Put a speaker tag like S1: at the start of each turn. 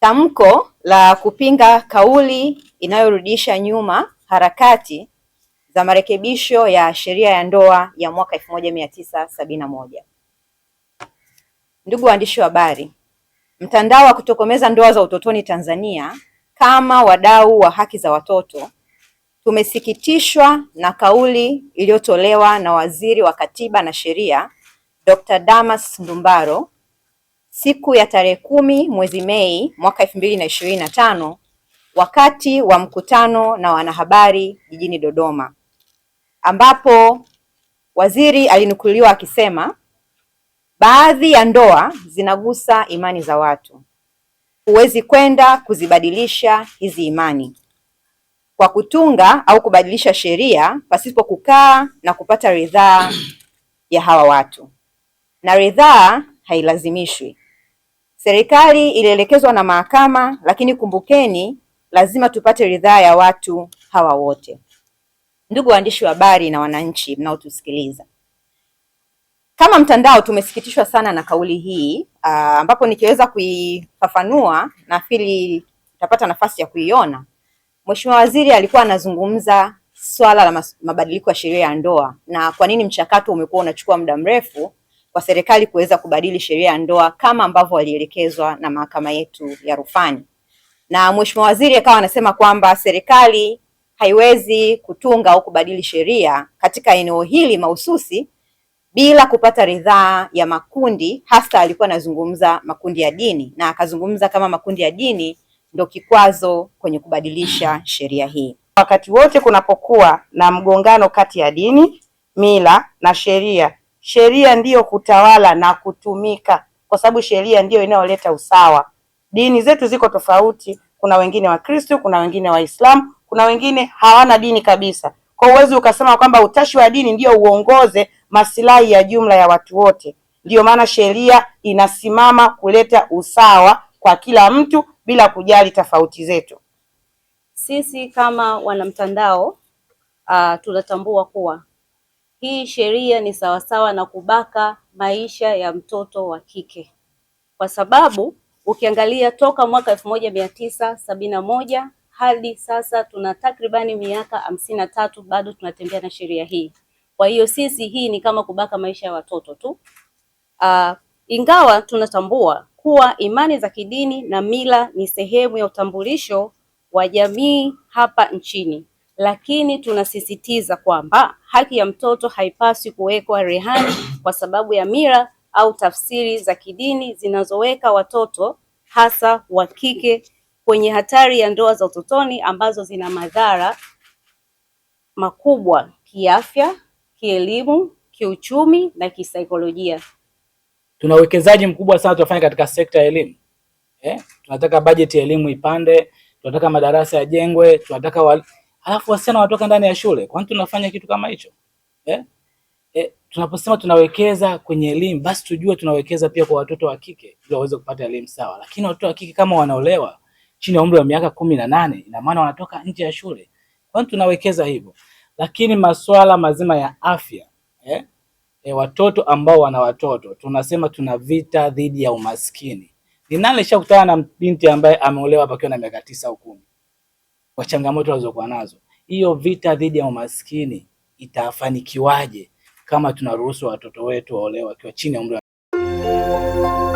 S1: Tamko la kupinga kauli inayorudisha nyuma harakati za marekebisho ya sheria ya ndoa ya mwaka elfu moja mia tisa sabini na moja. Ndugu waandishi wa habari, mtandao wa kutokomeza ndoa za utotoni Tanzania, kama wadau wa haki za watoto, tumesikitishwa na kauli iliyotolewa na Waziri wa Katiba na Sheria Dr. Damas Ndumbaro siku ya tarehe kumi mwezi Mei mwaka elfu mbili na ishirini na tano wakati wa mkutano na wanahabari jijini Dodoma ambapo waziri alinukuliwa akisema baadhi ya ndoa zinagusa imani za watu, huwezi kwenda kuzibadilisha hizi imani kwa kutunga au kubadilisha sheria pasipo kukaa na kupata ridhaa ya hawa watu, na ridhaa hailazimishwi. Serikali ilielekezwa na mahakama, lakini kumbukeni, lazima tupate ridhaa ya watu hawa wote. Ndugu waandishi wa habari na wananchi mnaotusikiliza, kama mtandao tumesikitishwa sana na kauli hii ah, ambapo nikiweza kuifafanua nafikiri utapata nafasi ya kuiona. Mheshimiwa Waziri alikuwa anazungumza swala la mabadiliko ya sheria ya ndoa na kwa nini mchakato umekuwa unachukua muda mrefu kwa serikali kuweza kubadili sheria ya ndoa kama ambavyo walielekezwa na mahakama yetu ya rufani. Na mheshimiwa waziri akawa anasema kwamba serikali haiwezi kutunga au kubadili sheria katika eneo hili mahususi bila kupata ridhaa ya makundi, hasa alikuwa anazungumza makundi ya dini, na akazungumza kama makundi ya dini ndio kikwazo kwenye kubadilisha sheria hii.
S2: Wakati wote kunapokuwa na mgongano kati ya dini, mila na sheria sheria ndiyo kutawala na kutumika, kwa sababu sheria ndiyo inayoleta usawa. Dini zetu ziko tofauti, kuna wengine Wakristo, kuna wengine Waislamu, kuna wengine hawana dini kabisa. Kwa uwezi ukasema kwamba utashi wa dini ndiyo uongoze masilahi ya jumla ya watu wote. Ndiyo maana sheria inasimama kuleta usawa kwa kila mtu bila kujali tofauti zetu.
S1: Sisi kama wanamtandao uh, tunatambua kuwa hii sheria ni sawasawa na kubaka maisha ya mtoto wa kike, kwa sababu ukiangalia toka mwaka elfu moja mia tisa sabini na moja hadi sasa tuna takribani miaka hamsini na tatu bado tunatembea na sheria hii. Kwa hiyo sisi hii ni kama kubaka maisha ya watoto tu. Uh, ingawa tunatambua kuwa imani za kidini na mila ni sehemu ya utambulisho wa jamii hapa nchini, lakini tunasisitiza kwamba haki ya mtoto haipaswi kuwekwa rehani kwa sababu ya mila au tafsiri za kidini zinazoweka watoto hasa wa kike kwenye hatari ya ndoa za utotoni ambazo zina madhara makubwa kiafya, kielimu, kiuchumi na kisaikolojia.
S3: Tuna uwekezaji mkubwa sana tunafanya katika sekta ya elimu eh? Tunataka bajeti ya elimu ipande, tunataka madarasa yajengwe, tunataka wali... Alafu wasichana watoka ndani ya shule, kwani tunafanya kitu kama hicho eh? Eh, tunaposema tunawekeza kwenye elimu, basi tujue tunawekeza pia kwa watoto wa kike ili waweze kupata elimu sawa. Lakini watoto wa kike kama wanaolewa chini ya umri wa miaka kumi na nane, ina maana wanatoka nje ya shule, kwani tunawekeza hivyo. Lakini masuala mazima ya afya eh? E, watoto ambao wana watoto tunasema tuna vita dhidi ya umaskini. Ninalesha kutana na binti ambaye ameolewa hapa akiwa na miaka tisa au kumi kwa changamoto walizokuwa nazo. Hiyo vita dhidi ya umaskini itafanikiwaje kama tunaruhusu watoto wetu waolewe wakiwa chini ya umri